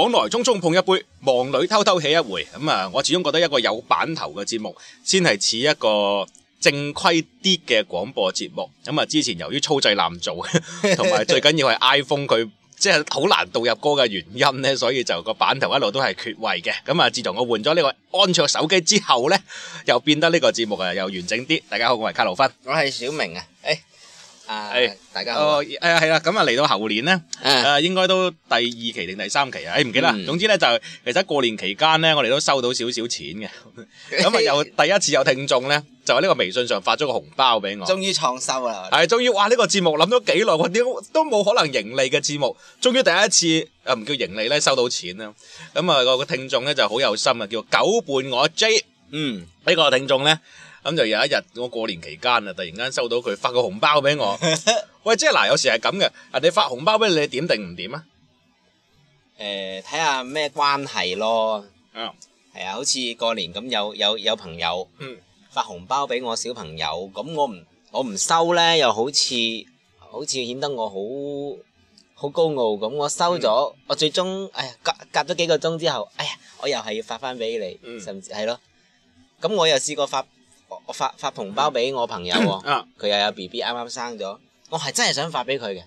往來匆匆碰一杯，忙裡偷偷起一回。咁啊，我始終覺得一個有版頭嘅節目，先係似一個正規啲嘅廣播節目。咁啊，之前由於粗製濫造，同 埋最緊要係 iPhone 佢即係好難導入歌嘅原因咧，所以就個版頭一路都係缺位嘅。咁啊，自從我換咗呢個安卓手機之後呢，又變得呢個節目啊又完整啲。大家好，我係卡路芬，我係小明啊。誒、哎。係、啊，大家哦，係啊，係啦，咁啊嚟到猴年咧，啊，應該都第二期定第三期啊，誒、哎，唔記得啦，總之咧就係，其實過年期間咧，我哋都收到少少錢嘅，咁 啊又第一次有聽眾咧，就喺呢個微信上發咗個紅包俾我，終於創收啦，係，終於，哇，呢、呢個節目諗咗幾耐，點都冇可能盈利嘅節目，終於第一次啊唔叫盈利咧，收到錢啦，咁啊個個聽眾咧就好有心啊，叫做九伴我 J，嗯，呢、呢個聽眾咧。.咁就有一日，我過年期間啊，突然間收到佢發個紅包俾我。 喂，即係嗱，有時係咁嘅，你發紅包俾你點定唔點啊？誒、呃，睇下咩關係咯。嗯。係啊，好似過年咁，有有有朋友，嗯，發紅包俾我小朋友，咁我唔我唔收呢，又好似好似顯得我好好高傲咁。我收咗、嗯，我最終，哎隔隔咗幾個鐘之後，哎呀，我又係要發翻俾你、嗯，甚至係咯。咁、啊、我又試過發。我發我發紅包俾我朋友，佢，嗯嗯啊，又有 B B 啱啱生咗，我係真係想發俾佢嘅。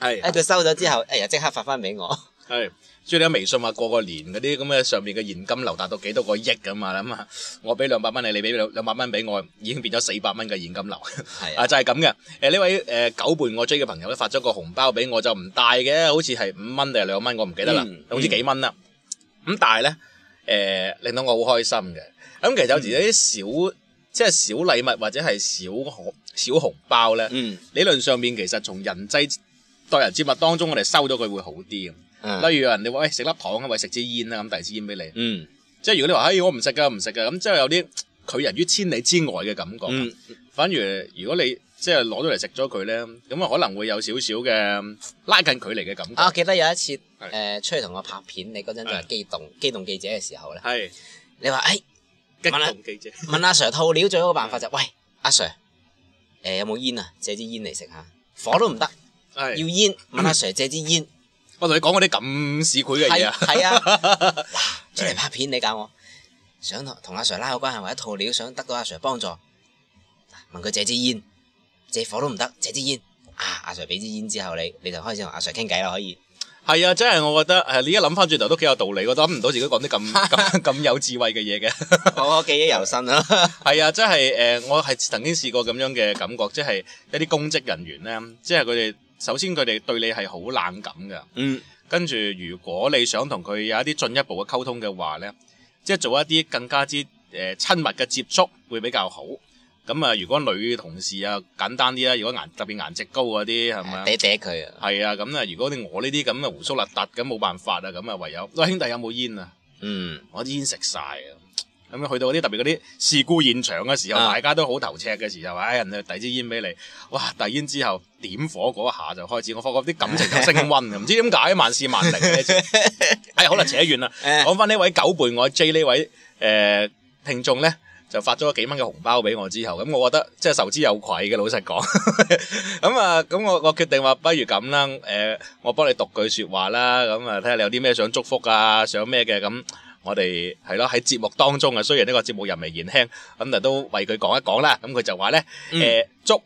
係，誒，哎，佢收咗之後，誒，哎，又即刻發翻俾我。係，即你喺微信話過個年嗰啲咁嘅上面嘅現金流達到幾多個億咁啊嘛，咁啊，我俾兩百蚊你，你俾兩百蚊俾我，已經變咗四百蚊嘅現金流。係啊， 就係咁嘅。誒，呢位誒九，呃，伴我追嘅朋友咧，發咗個紅包俾我，就唔大嘅，好似係五蚊定係兩蚊，我唔記得啦。總，嗯，之幾蚊啦。咁，嗯，但係咧，誒，呃，令到我好開心嘅。咁其實有時有啲小。嗯即係小禮物或者係小紅小，小紅包咧、嗯，理論上面其實從人際待人之物當中，我哋收咗佢會好啲嘅。例如有人哋話喂，食粒糖啊，喂，食支煙啦，咁遞支煙俾你。嗯，即係如果你話唉、哎、我唔食噶、唔食噶，咁即係有啲拒人於千里之外嘅感覺、嗯。反而如果你即係攞咗嚟食咗佢咧，咁啊可能會有少少嘅拉近距離嘅感覺。啊，我記得有一次誒、呃、出去同我拍片，你嗰陣就係機動機動記者嘅時候咧，係你話誒。哎問，問阿 Sir 套料最好嘅辦法就係、是， 喂阿 Sir，誒有冇煙啊？借支煙嚟食下，火都唔得，要煙。問阿 Sir、嗯、借支煙，我同你講嗰啲咁市儈嘅嘢啊！係 啊，嗱出嚟拍片，你教我想同阿 Sir 拉好關係，或者套料，想得到阿 Sir 幫助，問佢借支煙，借火都唔得，借支煙啊！阿 Sir 俾支煙之後，你你就開始同阿 Sir 傾偈啦，可以。係啊，真係我覺得誒，你而家諗翻轉頭都幾有道理。我都諗唔到自己講啲咁咁咁有智慧嘅嘢嘅。我記憶猶新啦。係 啊，真係誒，我係曾經試過咁樣嘅感覺，即係一啲公職人員咧，即係佢哋首先佢哋對你係好冷感嘅。嗯。跟住如果你想同佢有一啲進一步嘅溝通嘅話咧，即係做一啲更加之誒親密嘅接觸會比較好。咁啊，如果女同事啊，簡單啲啦。如果顏特別顏值高嗰啲，係咪？嗲嗲佢。係、呃呃、啊，咁咧，如果我呢啲咁嘅鬍鬚邋遢，咁冇辦法啊。咁啊，唯有，喂、哎，兄弟有冇煙啊？嗯，我啲煙食晒啊。咁去到嗰啲特別嗰啲事故現場嘅時候、啊，大家都好頭赤嘅時候，哎人哋遞支煙俾你，哇遞煙之後點火嗰下就開始，我發覺啲感情就升溫，唔 知點解萬事萬靈咧。係、 哎、好啦，扯遠啦，講翻呢位九輩我 J、呃、呢位誒聽眾咧。就發咗幾蚊嘅紅包俾我之後，咁我覺得即係受之有愧嘅，老實講。咁 啊，咁我我決定話不如咁啦，誒，我幫你讀句說話啦，咁啊，睇下你有啲咩想祝福啊，想咩嘅，咁我哋係咯喺節目當中啊，雖然呢個節目人微言輕，咁就都為佢講一講啦。咁佢就話咧，誒、嗯欸，祝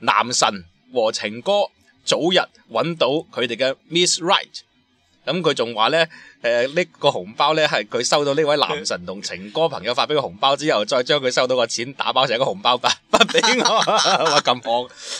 男神和情歌早日揾到佢哋嘅 Miss Right。咁佢仲話咧。誒，呢個紅包咧係佢收到呢位男神同情歌朋友發俾個紅包之後，再將佢收到個錢打包成一個紅包發發俾我，咁 放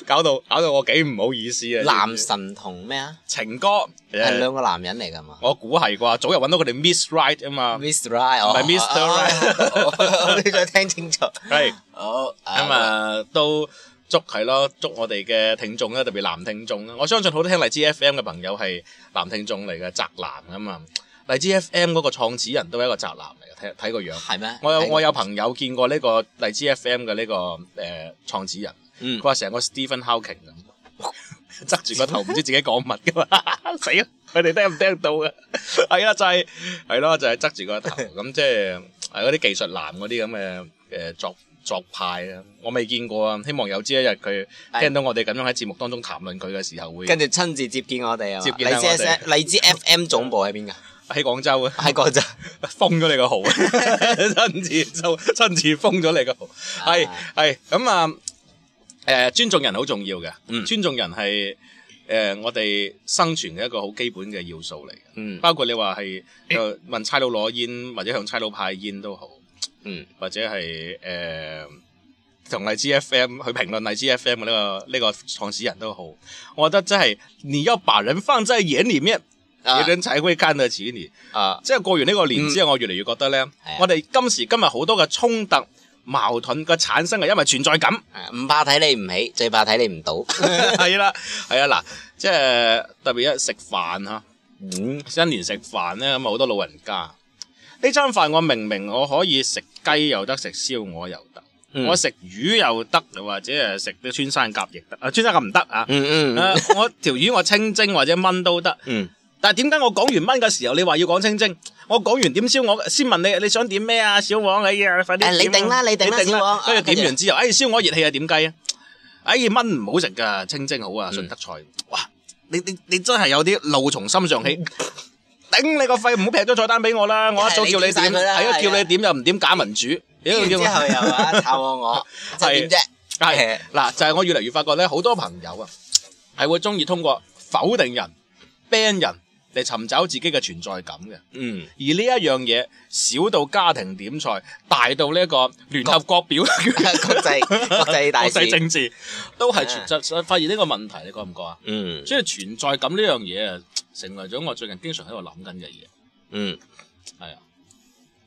搞到搞到我幾唔好意思啊！男神同咩啊？情歌係兩個男人嚟噶嘛？我估係啩，早日搵到佢哋 Miss Right 啊嘛，Miss Right 唔、oh, 係 Mr Right，你再聽清楚。係好咁啊，都祝係咯，祝我哋嘅聽眾啦，特別男聽眾啦。我相信好多聽荔枝 FM 嘅朋友係男聽眾嚟嘅，宅男啊嘛。荔枝 F.M. 嗰個創始人都係一個宅男嚟嘅，睇睇個樣。係咩？我有我有朋友見過呢個荔枝 F.M. 嘅呢、呢個誒創、呃、始人，佢、嗯、 話成個 Stephen Hawking 咁，側、 啊就係啊就係、住個頭，唔知自己講乜噶嘛，死啊！佢哋聽唔聽到啊？係啊，就係係咯，就係側住個頭咁，即係係嗰啲技術男嗰啲咁嘅誒作作派啊。我未見過啊，希望有朝一日佢聽到我哋咁樣喺節目當中談論佢嘅時候會，會跟住親自接見我哋啊。接見我哋荔，枝 荔枝 F.M. 總部喺邊㗎？喺廣州啊，喺廣州 封咗你個號啊，親自就親自封咗你個號，係係咁啊，誒、呃，尊重人好重要嘅、嗯，尊重人係誒、呃、我哋生存嘅一個好基本嘅要素嚟，嗯，包括你話係誒問差佬攞煙或者向差佬派煙都好，嗯，或者係誒同荔枝 FM 去評論荔枝 FM 嘅呢、這個呢、這個創始人都好，我覺得真、就、係、是、你要把人放在眼裏面。你種踩鬼間到滋味，啊！即係過完呢個年之後，嗯、我越嚟越覺得咧、啊，我哋今時今日好多嘅衝突、矛盾嘅產生，係因為存在感。唔、啊、怕睇你唔起，最怕睇你唔到。係 啦， 係啊嗱，即係特別一食飯嚇。嗯，新年食飯咧咁啊，好多老人家呢餐飯我明明我可以食雞又得，食燒鵝又得、嗯，我食魚又得，或者係食啲穿山甲亦得。啊，穿山甲唔得、嗯嗯、啊。嗯嗯。我條魚我清蒸或者燜都得。嗯。但係點解我講完炆嘅時候，你話要講清蒸？我講完點燒鵝，先問你你想點咩啊？小王，哎呀，快啲！你頂啦，你頂啦，小王。跟住點完之後，哎，燒鵝熱氣啊，點雞啊？哎，炆唔、哎、好食噶，清蒸好啊，順德菜、嗯。哇，你你你真係有啲怒從心上起，頂 你個肺！唔好劈咗菜單俾我啦， 我一早叫你點，係啊，叫你點又唔點，假民主。點 之後又話炒我，即係點啫？係嗱， 就係、是、我越嚟越發覺咧，好多朋友啊，係會中意通過否定人 ban 人。嚟尋找自己嘅存在感嘅，嗯，而呢一樣嘢，小到家庭點菜，大到呢一個聯合國表國際國際大，國際 政治都係存在、啊、發現呢個問題，你覺唔覺啊？嗯，所以存在感呢樣嘢啊，成為咗我最近經常喺度諗緊嘅嘢。嗯，係啊，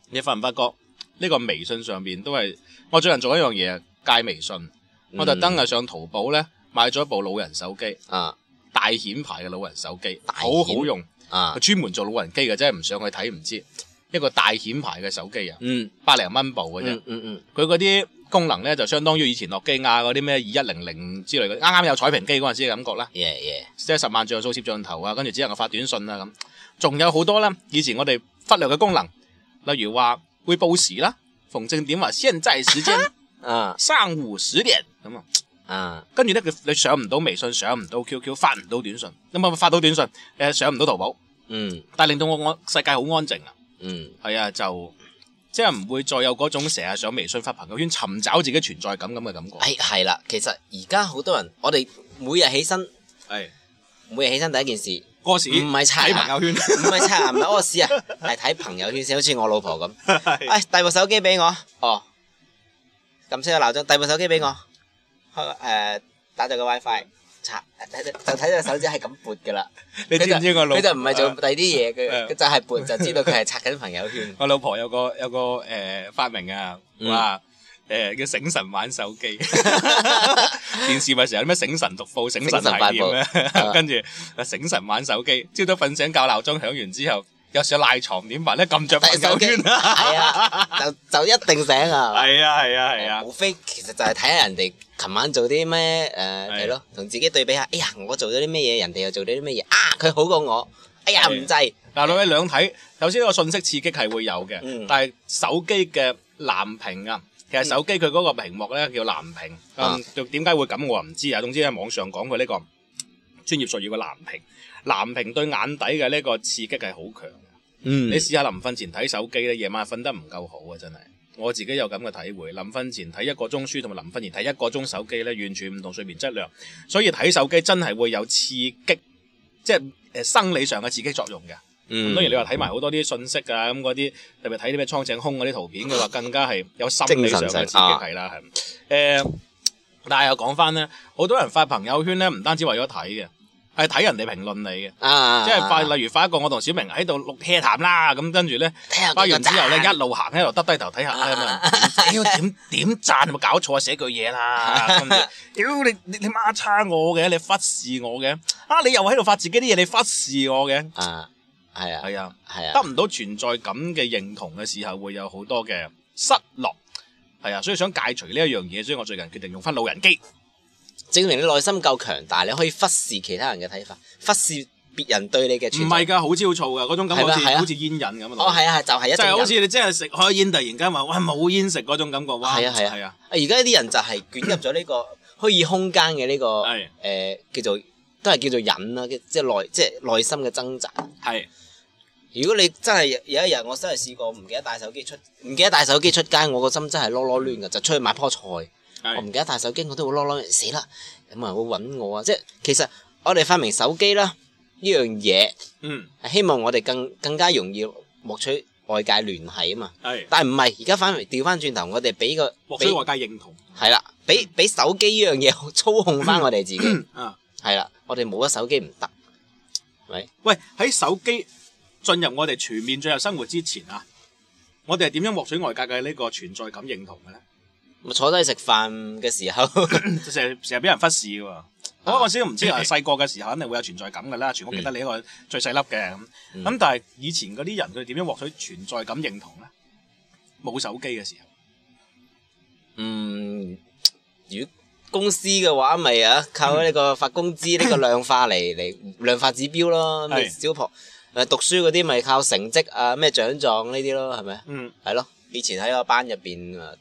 你發唔發覺呢、這個微信上邊都係我最近做一樣嘢，戒微信，嗯、我特登係上淘寶咧買咗一部老人手機，啊，大顯牌嘅老人手機，好好用。啊！佢專門做老人機嘅，真係唔上去睇唔知。一個大顯牌嘅手機啊，百零蚊部嘅啫。嗯嗯，佢嗰啲功能咧就相當於以前諾基亞嗰啲咩二一零零之類嘅，啱啱有彩屏機嗰陣時嘅感覺啦。yeah, yeah. 即係十萬像素攝像頭啊，跟住只能夠發短信啊咁，仲有好多咧。以前我哋忽略嘅功能，例如話會報時啦，逢正點話現在時間，嗯，上午十點咁 啊。啊，跟住咧，佢你上唔到微信，上唔到 QQ，發唔到短信，有冇發到短信？誒，上唔到淘寶，嗯，但令到我世界好安靜啊，嗯，係啊，就即係唔會再有嗰種成日上微信發朋友圈，尋找自己存在感咁嘅感覺。係係啦，其實而家好多人，我哋每日起身，係每日起身第一件事，屙屎，唔係刷朋友圈，唔係刷，唔到屙屎啊，係睇、啊啊啊、 朋友圈先，好似我老婆咁。哎，遞部手機俾我，哦，撳先，我鬧鐘，遞部手機俾我。誒，打咗個 WiFi，刷就睇到個手指係咁撥噶啦。 你知唔知我老婆就唔係做第二啲嘢？佢就係撥，就知道佢係刷緊朋友圈。 我老婆有個有個誒、呃、發明啊，哇！誒、呃、叫醒神玩手機， 電視咪成日啲咩醒神讀報、醒神睇報， 跟住醒神玩手機。朝早瞓醒覺，鬧鐘響完之後。有時賴床點辦咧？撳着朋友圈 啊！就就一定醒係啊！係啊係啊係啊！無非、啊哦、其實就係睇下人哋琴晚做啲咩誒、係咯，同自己對比下。哎呀，我做咗啲咩嘢，人哋又做咗啲咩嘢啊？佢好過我。哎呀唔制。嗱、啊，兩位睇，首先呢個訊息刺激係會有嘅、嗯，但係手機嘅藍屏啊，其實手機佢嗰個屏幕咧叫藍屏。啊、嗯。就點解會咁？我唔知啊。總之喺網上講佢呢個專業術語個藍屏。藍屏對眼底嘅呢個刺激係好強嘅，嗯，你試下臨瞓前睇手機咧，夜晚瞓得唔夠好啊，真係，我自己有咁嘅體會。臨瞓前睇一個鐘書，同埋臨瞓前睇一個鐘手機咧，完全唔同睡眠質量。所以睇手機真係會有刺激，即係誒生理上嘅刺激作用嘅。嗯，當然你話睇埋好多啲信息啊，咁嗰啲特別睇啲咩蒼井空嗰啲圖片嘅話，佢話更加係有心理上嘅刺激係啦，係。誒、啊，但係又講翻咧，好多人發朋友圈咧，唔單止為咗睇嘅。係睇人哋評論你嘅，即係快例如發一個我同小明喺度錄 hea 談啦，咁跟住咧發完之後咧一路行喺度，耷低頭睇下咧，屌，點點讚你咪搞錯寫句嘢啦，屌你你你媽差我嘅，你忽視我嘅，啊，你，你又喺度發自己啲嘢，你忽視我嘅，啊係啊係啊係啊，得唔到存在感嘅認同嘅時候，會有好多嘅失落，係啊，所以想戒除呢一樣嘢，所以我最近決定用翻老人機。證明你內心夠強大，你可以忽視其他人嘅睇法，忽視別人對你嘅存在。唔係㗎，好焦躁燥㗎，嗰種感覺好似煙癮咁啊！哦，係啊，係就係、係、一就好似你真係食開煙，突然間話哇冇煙食嗰種感覺。係啊係啊係啊！而家啲人就係捲入咗呢個虛擬空間嘅呢個誒、呃、叫、叫做都係叫做癮啦，即係內即係內心嘅掙扎。係，如果你真係有一日我真係試過唔記得帶手機出，唔記得帶手機出街，我個心真係囉囉攣嘅，就出去買棵菜。我唔記得帶手機，我都會囉囉死啦，咁咪會搵我啊！即係其實我哋發明手機啦呢樣嘢，嗯，係希望我哋更更加容易獲取外界聯繫啊嘛。係，但係唔係而家反而調翻轉頭，我哋俾、這個獲取外界認同係啦，俾俾手機呢樣嘢操控翻我哋自己。啊，係 啦，我哋冇咗手機唔得，喂，喺手機進入我哋全面進入生活之前啊，我哋係點樣獲取外界嘅呢個存在感認同嘅咧？坐低食飯嘅時候，成成日俾人忽視喎、啊。我我先唔知，細個嘅時候肯定會有存在感噶啦。全部記得你個最細粒嘅咁。咁、嗯、但係以前嗰啲人佢點樣獲取存在感認同呢？冇手機嘅時候，嗯，如果公司嘅話咪啊，靠呢個發工資呢個量化嚟嚟 量化指標咯。小婆讀書嗰啲咪靠成績啊，咩獎狀呢啲咯，係咪？嗯，係咯。以前喺我班入邊啊。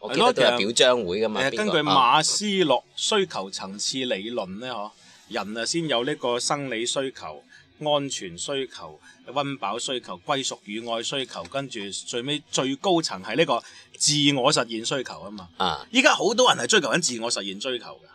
係咯，其實表彰會噶嘛？根據馬斯洛需求層次理論咧，嗬、嗯，人啊先有呢個生理需求、安全需求、溫飽需求、歸屬與愛需求，跟住最尾最高層係呢個自我實現需求啊嘛。啊！依家好多人係追求緊自我實現追求噶。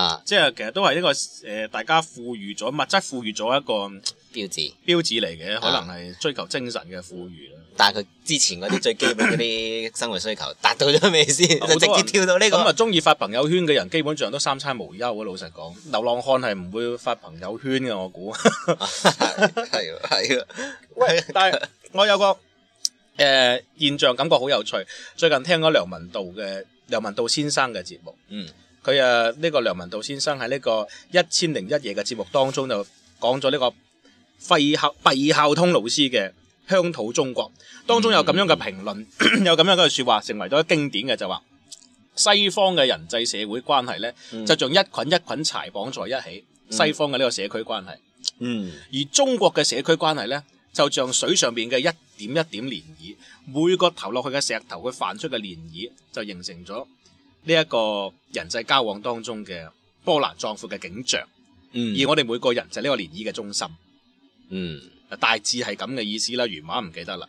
啊！即係其實都係一個誒，大家富裕咗物質，富裕咗一個。標誌標誌嚟嘅，啊，可能係追求精神嘅富裕啦。但係佢之前嗰啲，最基本嗰啲生活需求達到咗咩先？直接跳到呢個咁啊！中意發朋友圈嘅人，基本上都三餐無憂。老實講，流浪漢係唔會發朋友圈嘅。我估係係喂， 但係我有個誒、呃、現象，感覺好有趣。最近聽咗梁文道嘅梁文道先生嘅節目，嗯，佢啊，呢個梁文道先生喺呢個一千零一夜嘅節目當中就講咗呢個。費孝費孝通老師嘅《鄉土中國》當中有咁樣嘅評論，有咁樣嘅說話，成為咗經典嘅就話：西方嘅人際社會關係呢，嗯，就像一綑一綑柴綁在一起；西方嘅呢個社區關係，嗯，嗯，而中國嘅社區關係呢，就像水上面嘅一點一點漣漪，每個投落去嘅石頭，佢泛出嘅漣漪就形成咗呢一個人際交往當中嘅波瀾壯闊嘅景象。嗯，而我哋每個人就呢個漣漪嘅中心。嗯，大致係咁嘅意思啦，原話唔記得啦，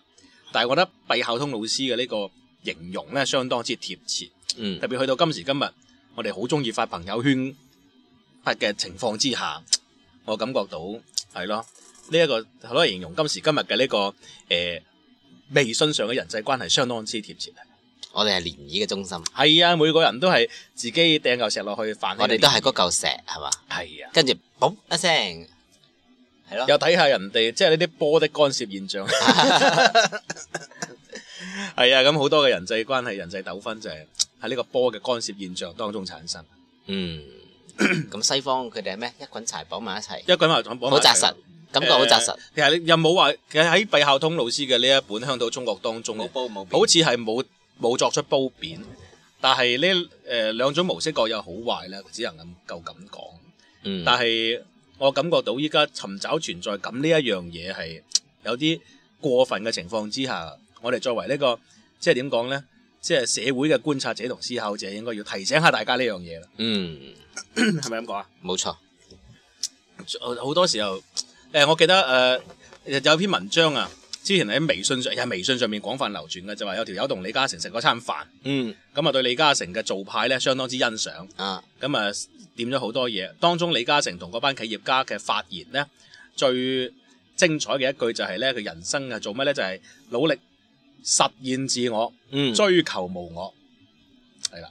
但係我覺得費孝通老師嘅呢個形容咧，相當之貼切。嗯，特別去到今時今日，我哋好中意發朋友圈發嘅情況之下，我感覺到係咯，呢一、呢個好形容今時今日嘅呢、呢個誒、呃，微信上嘅人際關係相當之貼切。我哋係漣漪嘅中心。係啊，每個人都係自己掟嚿石落去，我哋都係嗰嚿石係嘛？係啊，跟住嘣一聲。係咯，又睇下人哋，即係呢啲波的干涉現象。係 啊， 咁好多嘅人際關係、人際糾紛就係喺呢個波嘅干涉現象當中產生。嗯，咁西方佢哋係咩？一捆柴綁埋一齊，一捆柴綁好紮實，感覺好紮實。其實你又冇話，其實喺費孝通老師嘅呢一本《鄉土中國》當中，沒沒好似係冇冇作出褒貶，嗯，但係呢誒兩種模式各有好壞咧，只能咁夠咁講。嗯，但係。我感覺到依家尋找存在感呢一樣嘢係有啲過分嘅情況之下，我哋作為呢個即係點講咧，即係社會嘅觀察者同思考者，應該要提醒下大家呢樣嘢啦。嗯，係咪咁講啊？冇錯。好多時候，誒，我記得誒有篇文章啊。之前喺微信上，喺微信上面廣泛流傳嘅就話有條友同李嘉誠食嗰餐飯，嗯，咁啊對李嘉誠嘅做派咧相當之欣賞，啊，咁啊點咗好多嘢，當中李嘉誠同嗰班企業家嘅發言咧，最精彩嘅一句就係咧佢人生係做咩咧就係、是、努力實現自我，嗯，追求無我，係啦，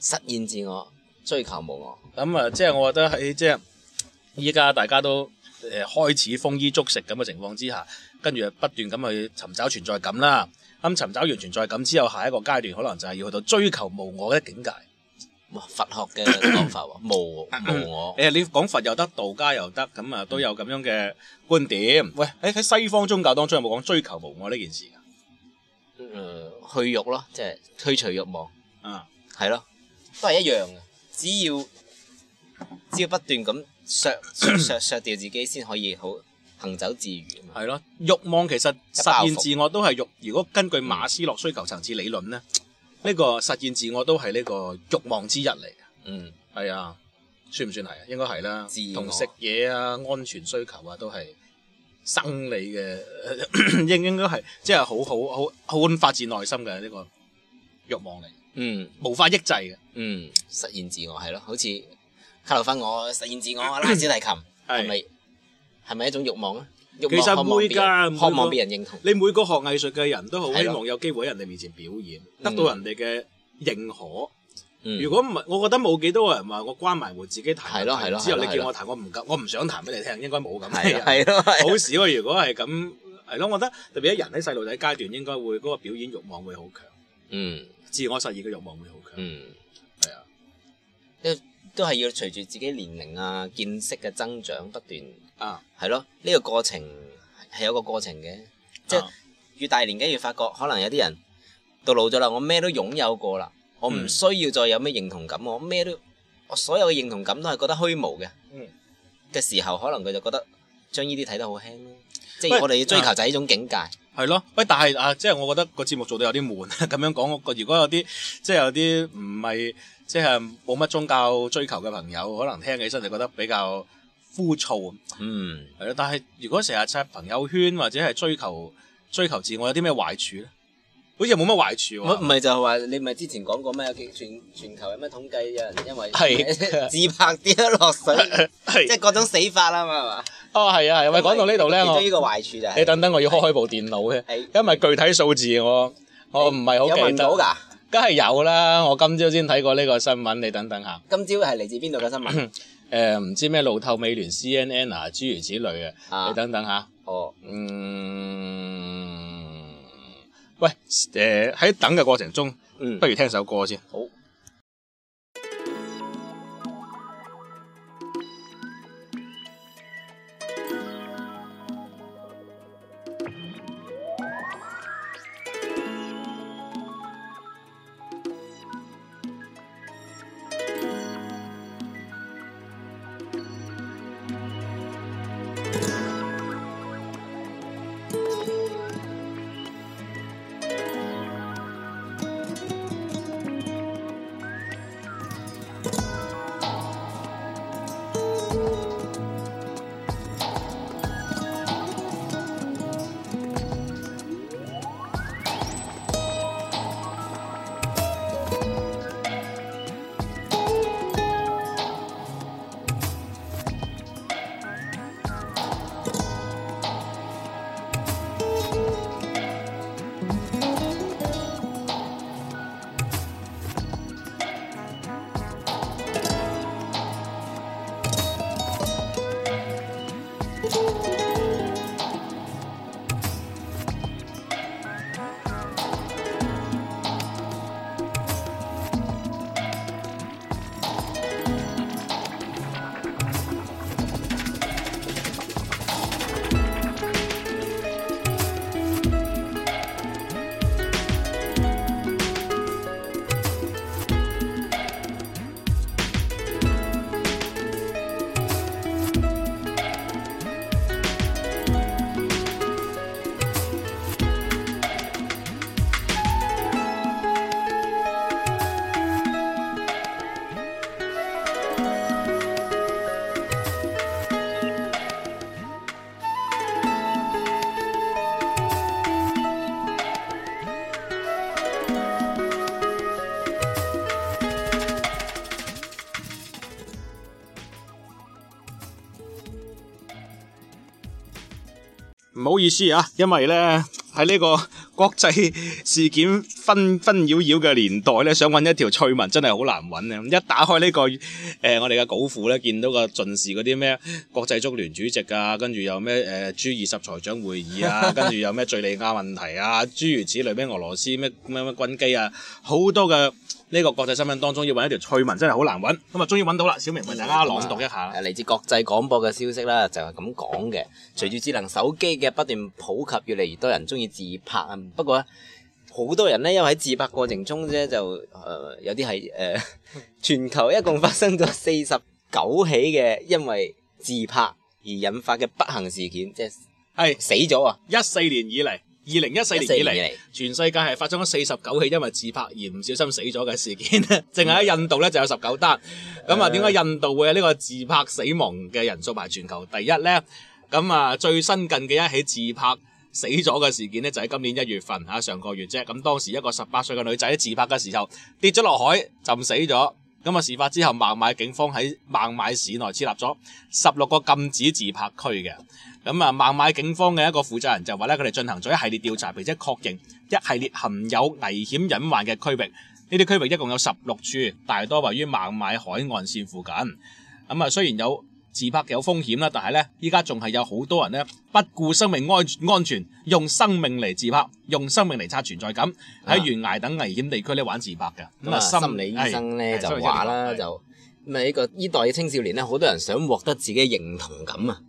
實現自我，追求無我，咁啊即係我覺得喺即係依家大家都誒開始豐衣足食咁嘅情況之下。跟住不斷咁去尋找存在感啦，咁尋找完存在感之後，下一個階段可能就係要去到追求無我嘅境界，哦。佛學嘅講法喎， 無無我。你講佛又得，道家又得，咁啊都有咁樣嘅觀點。喂，喺、欸、喺西方宗教當中有冇講追求無我呢件事㗎、呃、去欲咯，即係推除慾望。嗯、啊，係咯，都係一樣嘅。只要只要不斷咁削 削削，削掉自己先可以好。行走自如，係咯，欲望其實實現自我都係欲。如果根據馬斯洛需求層次理論咧，呢、嗯呢個實現自我都係呢個欲望之一嚟嘅。嗯，係啊，算唔算係啊？應該係啦。同食嘢啊、安全需求啊，都係生理嘅 應應該係即係好好好好很發自內心嘅呢、呢個欲望嚟嘅。嗯，無法抑制嘅。嗯，實現自我係咯，好似卡洛芬我實現自我拉小提琴係咪？係咪一種欲望啊？其實每家渴望別人，人認同，你每個學藝術嘅人都好希望有機會喺人哋面前表演，的得到人哋嘅認可。嗯、如果唔係，我覺得冇幾多少人話我關埋門自己彈，咯咯之後你叫我彈，我唔我唔想彈俾你聽，應該冇咁係咯，好少、啊。如果係咁係咯，我覺得特別啲人喺細路仔階段，應該會嗰、那個表演欲望會好強，嗯，自我實現嘅欲望會好強，嗯，係啊，都都係要隨住自己年齡啊，見識嘅增長，不斷。啊，係咯，呢個過程係有個過程嘅、啊，即係越大年紀越發覺，可能有啲人到老咗啦，我咩都擁有過啦，我唔需要再有咩認同感，嗯、我咩都，我所有嘅認同感都係覺得虛無嘅。嗯嘅時候，可能佢就覺得將呢啲睇得好輕咯、嗯。即係我哋要追求就係呢種境界。係咯、就是，喂，但係啊，即係我覺得個節目做得有啲悶，咁 樣講，如果如果有啲即係有啲唔係，即係冇乜宗教追求嘅朋友，可能聽起身就覺得比較。枯燥嗯係但係如果成日刷朋友圈或者係追求追求自我，有啲咩壞處咧？好似冇乜壞處喎。唔係就係、是、話你唔係之前講過咩？全全球有咩統計有、啊、因為 自拍跌咗落水，即 係各種死法啦、啊、嘛，係嘛？哦，係啊係，咪講到呢度咧，我呢個壞處就係、是、你等等，我要開開部電腦嘅，因為具體數字我我唔係好記得有聞到噶？梗係有啦，我今朝先睇過呢個新聞，你等等下。今朝係嚟自邊度嘅新聞？ 誒、呃、唔知咩路透美、美聯 CNN 啊，諸如此類啊，啊你等等吓。哦，嗯，喂，誒、呃、喺等嘅過程中、嗯，不如聽首歌先。好。唔好意思啊，因為咧喺呢個國際事件紛紛擾擾嘅年代咧，想搵一條趣聞真係好難搵。啊！一打開呢、這個誒、呃、我哋嘅稿庫咧，見到個盡係嗰啲咩國際足聯主席啊，跟住有咩誒 G 二十財長會議啊， 跟住有咩敘利亞問題啊，諸如此類咩俄羅斯咩咩咩軍機啊，好多嘅呢、這個國際新聞當中要搵一條趣聞真係好難搵。咁啊，終於搵到啦！小明，問大家朗讀一下。嚟、嗯、自國際廣播嘅消息啦，就係咁講嘅。隨住智能手機嘅不斷普及，越嚟越多人中意自拍啊。不過，好多人呢，因為喺自拍過程中啫，就誒、呃、有啲係誒全球一共發生咗四十九起嘅因為自拍而引發嘅不幸事件，即係死咗啊！一四年以嚟，二零一四年以嚟，全世界係發生咗四十九起因為自拍而唔小心死咗嘅事件，淨係喺印度咧就有十九單，咁啊，點、呃、解印度會有呢個自拍死亡嘅人數排全球第一咧？咁啊，最新近嘅一起自拍。死咗嘅事件呢，就喺今年一月份吓，上個月啫，咁當時一個十八歲嘅女仔自拍嘅時候跌咗落海浸死咗，咁啊，事發之後，孟買警方喺孟買市內設立咗十六個禁止自拍區嘅，咁啊孟買警方嘅一個負責人就話咧佢哋進行咗一系列調查，並且確認一系列含有危險隱患嘅區域，呢啲區域一共有十六處，大多位於孟買海岸線附近，咁啊雖然有。自拍有風險啦，但係咧，依家仲係有好多人咧，不顧生命安安全，用生命嚟自拍，用生命嚟刷存在感，喺懸崖等危險地區咧玩自拍嘅。咁、嗯、啊、那個，心理醫生咧就話啦，就咁啊，呢個呢代嘅青少年咧，好多人想獲得自己嘅認同感啊，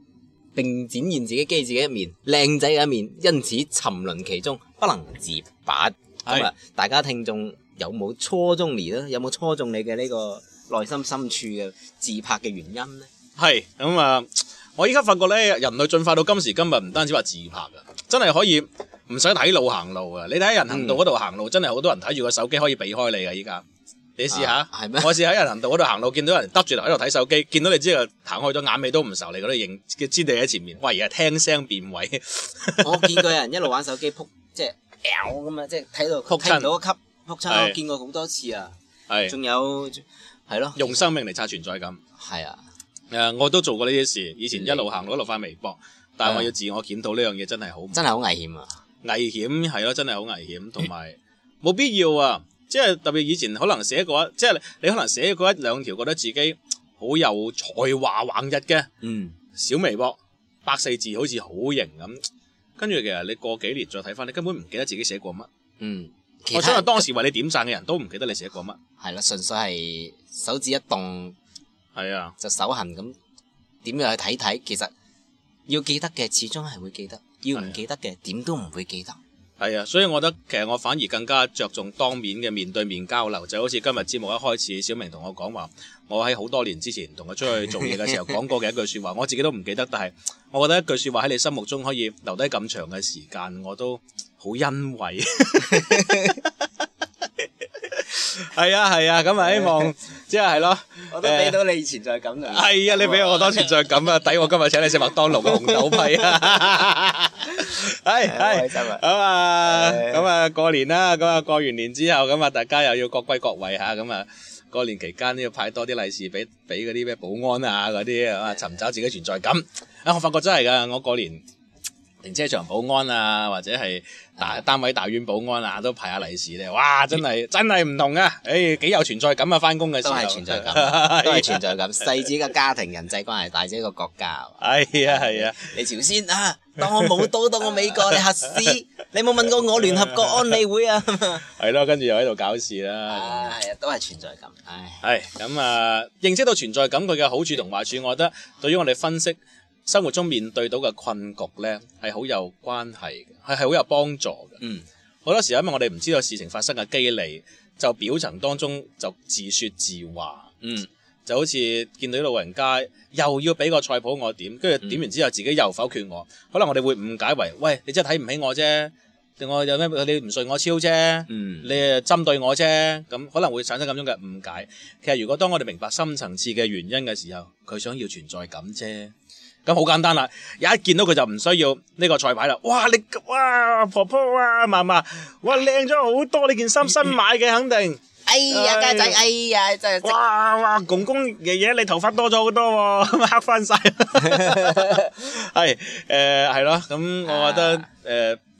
並展現自己機智嘅一面、靚仔嘅一面，因此沉淪其中，不能自拔。咁啊，大家聽眾有冇戳中你咧？有冇戳中你嘅呢、這個內心深處嘅自拍嘅原因咧？係咁啊！我依家發覺咧，人類進化到今時今日，唔單止話自拍啊，真係可以唔使睇路行路啊！你睇人行道嗰度行路，嗯、真係好多人睇住個手機可以避開你㗎。依家你試下、啊，我試喺人行道嗰度行路，見到人耷住頭喺度睇手機，見到你之後行開咗，眼尾都唔受你嗰度認，佢知你喺前面。喂，聽聲辨位。我見過有人一路玩手機撲 即係咁啊，即係睇到吸唔到吸，撲親，見過好多次啊。係。仲有係咯。用生命嚟刷存在感。係啊。誒，我都做過呢啲事，以前一路行路一路發微博，嗯、但係我要自我檢討，呢樣嘢真係好、嗯，真係好危險啊！危險係咯，真係好危險，同埋冇必要啊！即係特別以前可能寫過，即係你可能寫過一兩條，覺得自己好有才華橫溢嘅，嗯，小微博百四字好似好型咁，跟住其實你過幾年再睇翻，你根本唔記得自己寫過乜，嗯，我相信當時為你點讚嘅人都唔記得你寫過乜，係啦，純粹係手指一動。係啊，就手痕咁，點樣去睇睇？其實要記得嘅，始終係會記得；要唔記得嘅，點、啊、都唔會記得。係啊，所以我覺得，其實我反而更加着重當面嘅面對面交流，就好似今日節目一開始，小明同我講話，我喺好多年之前同佢出去做嘢嘅時候講過嘅一句說話， 我自己都唔記得，但係我覺得一句說話喺你心目中可以留低咁長嘅時間，我都好欣慰。 係啊係啊，咁啊、嗯、希望即係係咯，我都俾到你存在感係啊！係、嗯、啊，你俾我好多存在感啊，抵 我今日請你食麥當勞嘅紅豆批 是 是啊！係 係是、啊， 好啊，咁 啊、嗯嗯嗯、過年啦，咁啊過完年之後，咁啊大家又要各歸各位吓，咁啊過年期間都要派多啲利是俾俾嗰啲咩保安啊嗰啲啊，尋找自己存在感。 啊，我發覺真係噶，我過年。停車場保安啊，或者係大單位大院保安啊，都派下利是咧，哇！真係真係唔同啊誒，幾、哎、有存在感啊，翻工嘅時候都係存在感，都係存在感。細至一個家庭人際關係，大至一個國家。係啊係啊，你朝鮮啊，當我冇到當我美國 你核試，你冇問過我聯合國安理會啊？係咯，跟住又喺度搞事啦。係、哎、啊，都係存在感。係、哎、咁啊，認識到存在感佢嘅好處同壞處，我覺得對於我哋分析。生活中面對到嘅困局呢，係好有關係嘅，係，係好有幫助嘅。嗯，好多時候因為我哋唔知道事情發生嘅機理，就表層當中就自說自話。嗯，就好似見到啲老人家又要俾個菜譜我點，跟住點完之後自己又否決我。可能我哋會誤解為：喂，你真係睇唔起我啫，定我有咩你唔信我超啫？嗯，你誒針對我啫咁，可能會產生咁樣嘅誤解。其實如果當我哋明白深層次嘅原因嘅時候，佢想要存在感啫。咁好簡單啦，有一見到佢就唔需要呢個菜牌啦。哇，你哇婆婆哇嫲嫲，哇靚咗好多呢件衫，新買嘅肯定。哎呀家仔，哎呀真係，哎。哇哇，公公爺爺，你頭髮多咗好多，咁黑翻晒。係誒係咯，咁、呃、我覺得誒，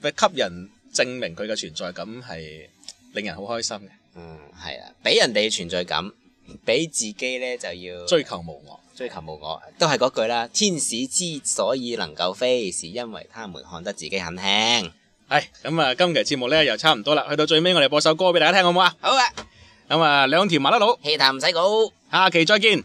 俾、啊呃、人證明佢嘅存在感係令人好開心嘅。嗯，係啊，俾人哋嘅存在感，俾自己咧就要追求無我。追、就是、求無我，都係嗰句啦。天使之所以能夠飛，是因為他們看得自己很輕。係、哎、咁啊,今期節目呢又差唔多啦，去到最尾我哋播首歌俾大家聽好唔好啊？好啊，咁啊，兩條麻甩佬，氣淡唔使講，下期再見。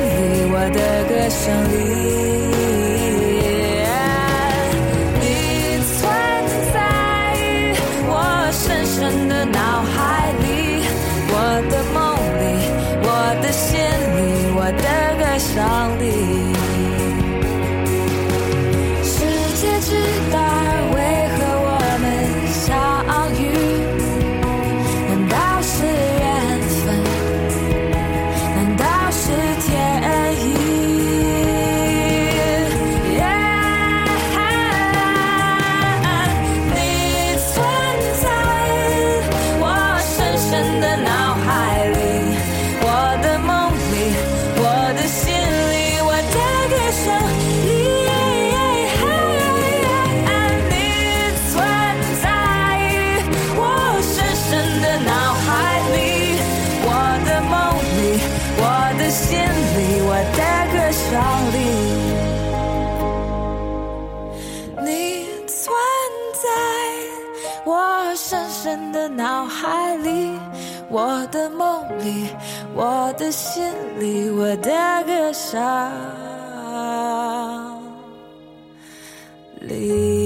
我的夢裏，我的心裏，我的歌聲裏。